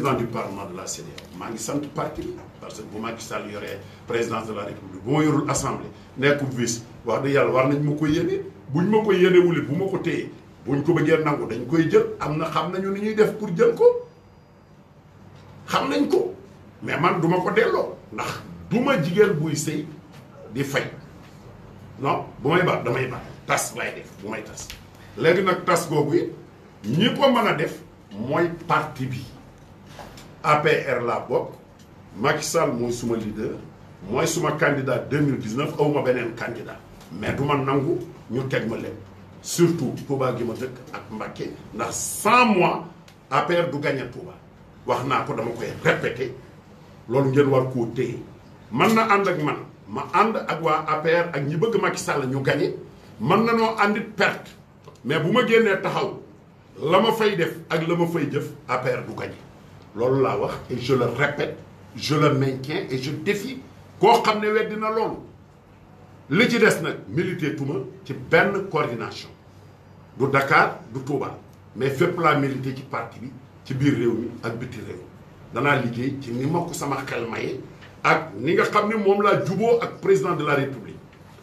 président du parlement de la CEDEAO maa ngi sant parti bi parce que bu Macky Sall yoree présidence de la république bu ma yorul assemblée nekkum vice wax dëgg yàlla war nañu ma ko bu ñu ma ko yéene bu ma ko téye buñ ko bëggee nangu dañ koy jël am na xam nañu ni ñuy def pour jël ko xam nañ ko mais man duma ko delloo ndax duma jigéen buy sëy di fay non bu may baax damay baax tas lay def bu may tas léegi nag tas googu it ñi ko mën a def mooy parti bi APR laa bokk Macky Sall mooy suma leader mooy suma candidat 2019 awma beneen candidat mais du ma nangu ñu teg ma lépp surtout Touba gi ma dëkk ak Mbacké ndax sans moi APR du gagné Touba wax naa ko dama koy répété loolu ngeen war koo téye mën na ànd ak man ma ànd ak waa APR ak ñi bëgg Macky Sall ñu gagné mën na noo àndit perte mais bu ma génnee taxaw la ma fay def ak la ma fay jëf APR du gagné loolu laa wax et je le répète je le maintiens et je défie koo xam ne weddi na loolu li ci des nag milité tuma ci benn coordination du dakaar du Touba mais fépp laa milité ci parti bi ci biir réew mi ak biti réew danaa liggéey ci ni ma ko sama xel maye ak ni nga xam ne moom laa juboo ak président de la république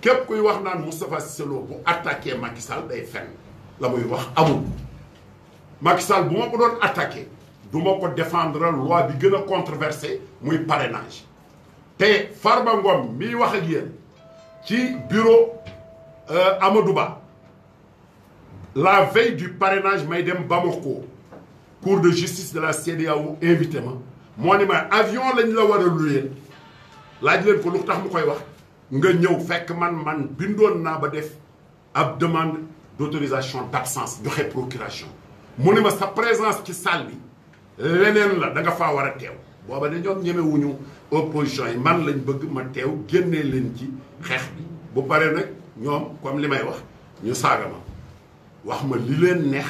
képp kuy wax naan Moustapha Cissé Lo bu attaqué Macky Sall day fenn la muy wax amul Macky bu ma ko doon attaqué du ma ko défendre loi bi gën a controversée muy parrainage te Farba Ngom wax ak yéen ci bureau euh, Amadou Ba la veille du parrainage may dem ko cour de justice de la CEDEAO invité ma moo ni ma avion lañ la war a luyeel laaj leen ko lu tax mu koy wax nga ñëw fekk man man bindoon naa ba def ab demande d' autorisation d' absence joxe procuration mu ne ma sa présence ci salle bi leneen la danga nga faa war a teew booba de ñoom ñemewuñu opposition yi man lañ bëgg ma teew génnee leen ci xeex bi bu paree nag ñoom comme li may wax ñu saaga ma wax ma li leen neex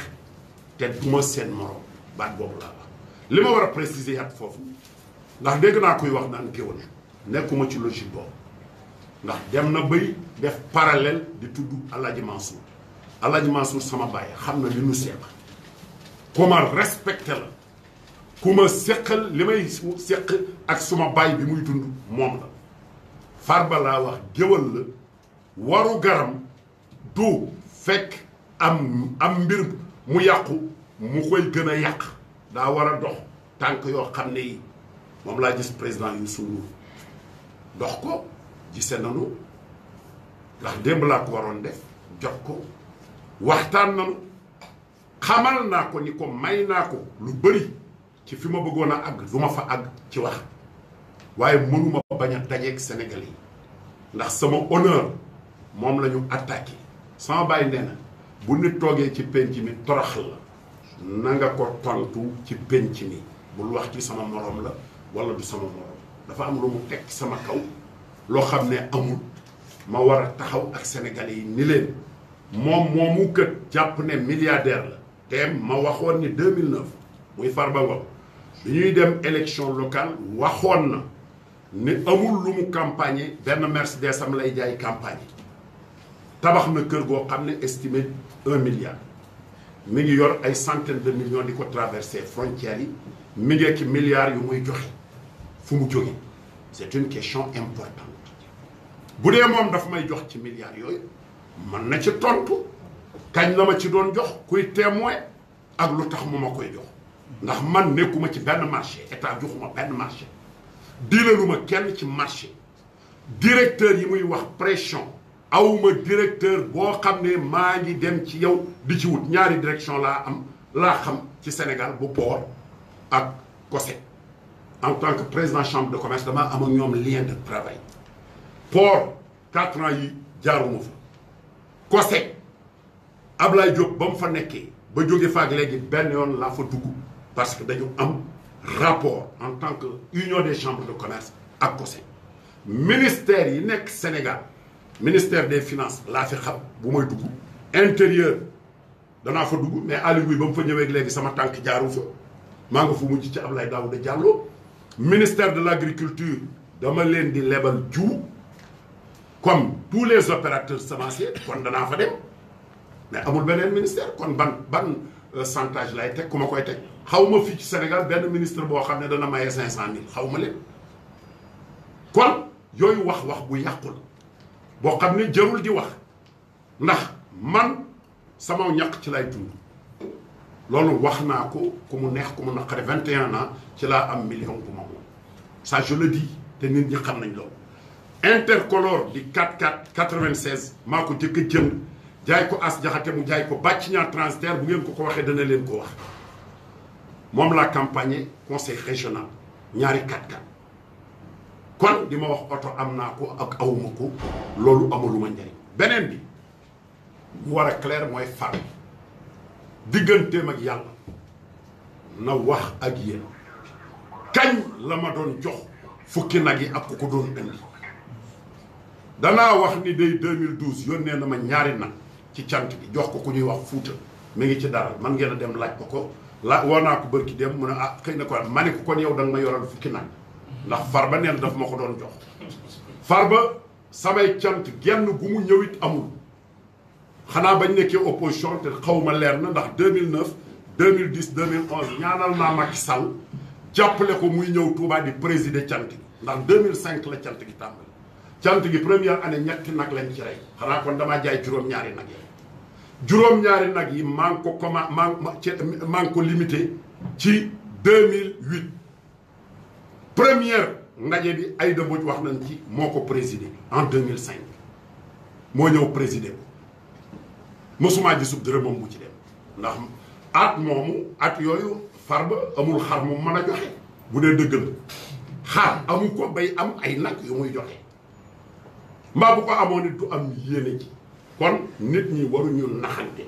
te du ma seen morom baat boobu laa wax li ma war a préciser yàgg foofu ndax dégg naa kuy wax naan géwël nekkuma ci logique boobu ndax dem na bay def parallèle di tudd Alaaji Mansour Alaaji Mansour sama baay xam na li nu seex ku ma respecté la ku ma séqal li may séq ak suma baay bi muy dund moom la Farba laa wax géwal la waru garam du fekk am am mbir mu yàqu mu koy gën a yàq daa war a dox tànk yoo xam ne yi moom laa gis président Youssou Ndour dox ko gise nanu ndax démb laa ko waroon def jot ko waxtaan nanu xamal naa ko ni ko may naa ko lu bëri ci fi ma bëggoon a àgg du ma fa àgg ci wax waaye mënuma bañ a dajeeg Sénégal yi ndax sama honneur moom lañu ñu sama bàyyi nee na bu nit toogee ci penc mi torox la ko tontu ci penc mi bul wax ci sama moroom la wala du sama morom dafa am lu mu teg sama kaw loo xam ne amul ma war a taxaw ak sénégalais yi ni leen moom moomu kët jàpp ne milliardaire la te ma waxoon ni 2009 muy Farba Ngom bi ñuy dem élection locale waxoon na ne amul lu mu campagne benn Mercedes am lay jaay campagne tabax na kër goo xam ne estime un milliard mi ngi yor ay centaine de di ko traversé frontières yi mi ngi ak milliards yu muy joxe fu mu jóge c'est une question importante bu dee moom dafa may jox ci milliards yooyu mën na ci tontu kañ la ma ci doon jox kuy témoin ak lu tax mu ma koy jox ndax man nekkuma ci benn marché état joxuma benn marché dilaluma kenn ci marché directeur yi muy wax pression awma directeur boo xam ne maa ngi dem ci yow di ci wut ñaari direction laa am laa xam ci Sénégal bu port ak COSEC en tant que président chambre de commerce damaa ñoom lien de travail port quatre ans yi jaaruma fa ab Ablaye Diop ba mu fa nekkee ba jóge faak léegi benn yoon laa fa dugg parce que dañu am rapport en tant que union des chambres de commerce ak COSE ministère yi nekk Sénégal ministère des finances laa fi xam bu may dugg intérieur danaa fa dugg mais Aliou Ngouye ba mu fa ñëwee léegi sama tànk jaaru fa maa nga fa mujj ci Abdoulaye Daouda jàlloo ministère de l'agriculture dama leen di lebal jiw comme tous les opérateurs semenciers kon danaa fa dem mais amul beneen ministère kon ban ban chantage lay teg ku ma koy teg xaw ma fii ci Sénégal benn ministre boo xam ne dana maye cinq cent mille xaw ma leen kon yooyu wax wax bu yàqul boo xam ne jarul di wax ndax man sama ñaq ci lay dund loolu wax naa ko ku mu neex ku mu naqare 21 ans ci laa am million bu ma moom ça je le dis te nit ñi xam nañ loolu intercolor di 4 4 96 maa ko jëkk a jënd jaay ko as jaxate mu jaay ko bàcc ñaar transitaire bu ngeen ko ko waxee dana leen ko wax moom laa campagne conseil régional ñaari katkat kon di ma wax oto am naa ko ak awuma ko loolu amaluma njariñ beneen bi mu war a clair mooy far digganteem ak yàlla na wax ak yéen kañ la ma doon jox fukki nag yi ak ku ko doon indi danaa wax ni day 2012 yónnee na ma ñaari nag ci cant bi jox ko ku ñuy wax fuuta mi ngi ci daral man ngeen a dem laaj ko ko la woo naa ko bërki dem mu ne ah xëy na ko ma ne ko kon yow da nga ma yoral fukki nag ndax farba neen daf ma ko doon jox farba samay cant genn gu mu ñëwit amul xanaa bañ nekkee opposition te xaw ma leer na ndax 2009 2010 2011 ñaanal naa Macky Sall jàppale ko muy ñëw Touba di présider cant gi ndax 2005 la cant gi tàmbali cant gi première année ñetti nag lañ ci rey xanaa kon damaa jaay juróom-ñaari nag yi juróom-ñaari nag yi maa ngi ko comment maa ngi ko limité ci première ndaje bi Aïda Mbodj wax nañ ci moo ko présidé en 2005 moo ñëw présidé ko mosuma gisub dërëmam bu ci dem ndax at moomu at yooyu farba amul xar mu mën a joxe bu dee dëggal xaar amu ko bay am ay nag yu muy joxe mbaa bu ko amoon it du am yéene ci kon nit ñi waruñu naxante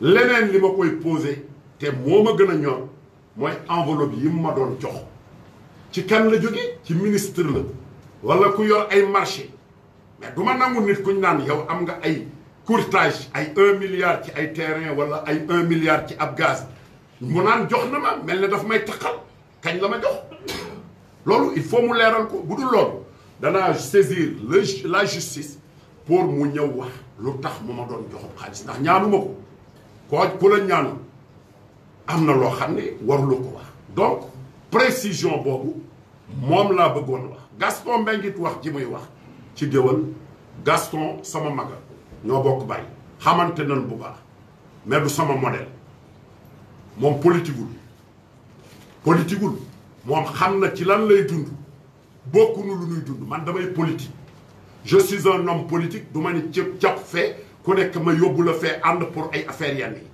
leneen li ma koy posé te moo ma gën a ñor mooy enveloppe yi ma doon jox ci kan la jóge ci ministre la wala ku yor ay marché mais du ma nangu nit kuñ naan yow am nga ay courtage ay un milliard ci ay terrain wala ay un milliard ci ab gaz mu naan jox na ma mel ne daf may taxal kañ la ma jox loolu il faut mu leeral ko bu dul loolu danaa saisir la justice pour mu ñëw wax lu tax mu ma doon joxob xaalis ndax ñaanuma ko koo ku la ñaanu am na loo xam ne waruloo ko wax donc précision boobu moom laa bëggoon wax Gaston Mbengit wax ji muy wax ci géwal Gaston sama maga ñoo bokk bàyyi xamante nañ bu baax mais du sama modèle moom politiqueul politiqueul moom xam na ci lan lay dund bokkunu lu ñuy dund man damay politique je suis un homme politique du ma ni cëb jàpp fee ku nekk ma yóbbu la fee ànd pour ay affaires yenn yi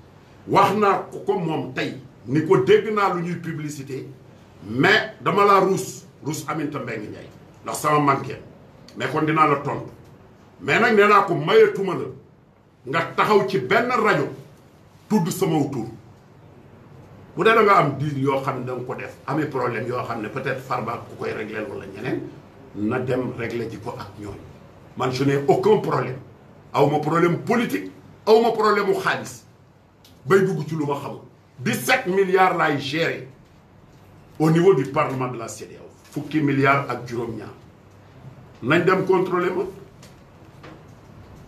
wax naa ko ko moom tey ni ko dégg naa lu ñuy publicité mais dama laa ruus ruus Aminata Mbengue Ndiaye ndax sama manqué mais kon dinaa la tontu mais nag nee naa ko ma la nga taxaw ci benn rajo tudd sama tur bu dee da nga am diir yoo xam ne da nga ko def amee problème yoo xam ne peut-être Farba ku koy réglé wala ñeneen na dem réglé ji ko ak ñooñu man je n'ai aucun problème aw ma problème politique aw ma problème mu xaalis bay dugg ci lu ma xamul 17 milliards laay gérer au niveau du parlement de la CEDEAO fukki milliards ak juróom-ñaar nañ dem contrôler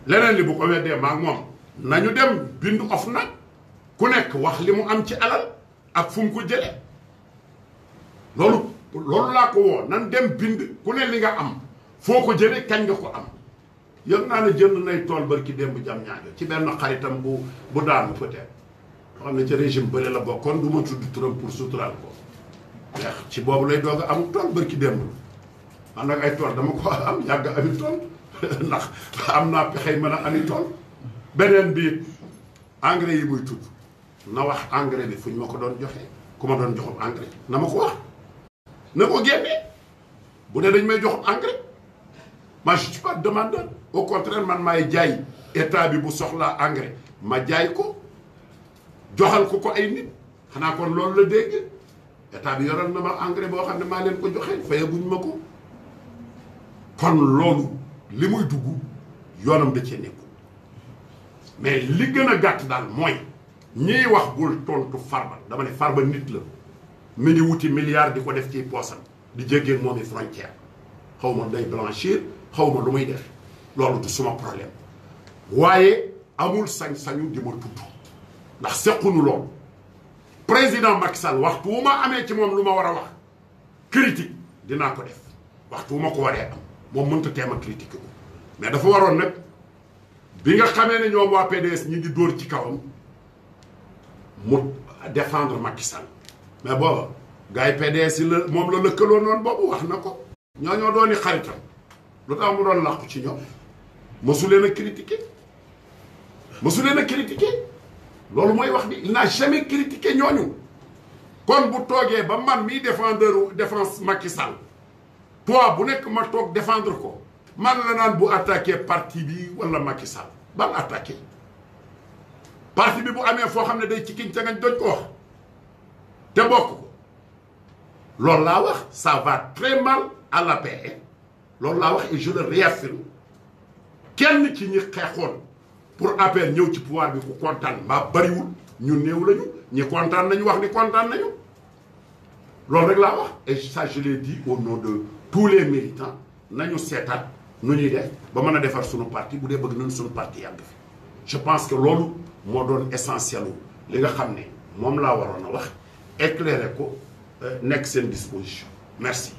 leneen li bu ko weddee maa moom nañu dem bindu of nag ku nekk wax li mu am ci alal ak fu mu ko jële loolu loolu laa ko woo nan dem bind ku ne ni nga am foo ko jële kañ nga ko am yëg naa ne jënd nay tool barki démb jam ñaajo ci benn xaritam bu bu daanu peut-être xam ne ci régime bële la bokkoon du ma tudd turam pour suturaal ko mais ci boobu lay doog a am tool barki démb man nag ay tool dama ko am yàgg ami tool ndax am naa pexey mën a ami tool beneen bi engrais yi muy tudd na wax engrais bi fu ñu ma ko doon joxe ku ma doon joxob engrais na ma ko wax na ko génnee bu dee dañ may joxob engrais ma je suis pas demandeur au contraire man maay jaay état bi bu soxlaa engrais ma jaay ko joxal ko ko ay nit xanaa kon loolu la dégg état bi yoral na ma engrais boo xam ne maa leen ko joxe fayaguñ ma ko kon loolu li muy dugg yoonam da cee nekku mais li gën a gàtt daal mooy ñiy wax bul tontu farba dama ne farba nit la mi ngi wuti milliard di ko def ci poosam di jéggee moom i frontière xaw ma day blanchir xaw ma lu muy def loolu suma problème waaye amul sañ-sañu di ma tudd ndax sequnu loolu président Macky Sall waxtu wu ma amee ci moom lu ma war a wax critique dinaa ko def waxtu wu ma ko waree am moom mënta teem a critiquer mais dafa waroon nag bi nga xamee ne ñoom waa PDS ñi ngi dóor ci kawam mu défendre Macky Sall mais booba gars yi PDS yi la moom la lëkkaloo noonu boobu wax na ko ñoo ñoo dooni xaritam lu tax mu doon làqu ci ñoom mosu leen a critiqué mosu leen a critiqué loolu mooy wax bi il n'a jamais critiqué ñooñu kon bu toogee ba man mii défendeur défense Macky Sall toi bu nekk ma toog defendre ko man la naan bu attaqué partie bi wala Macky Sall ban attaqué parti bi bu amee foo xam ne day ci kiñ ca ngañ doñ ko wax te bokk ko loolu laa wax ça va très mal à l'APR loolu laa wax et je le réaffirme kenn ci ñi xeexoon pour APR ñëw ci pouvoir bi ku kontaan mbaa bariwul ñu néew lañu ñi kontaan nañu wax ni kontaan nañu loolu rek laa wax et ça je l'ai dit au nom de tous les militants nañu seetaat nu ñuy def ba mën a defar suñu parti bu dee bëgg nañu suñu parti yàgg fi je pense que loolu moo doon essentiel li nga xam ne moom laa waroon a wax éclairer ko euh, nekk seen disposition merci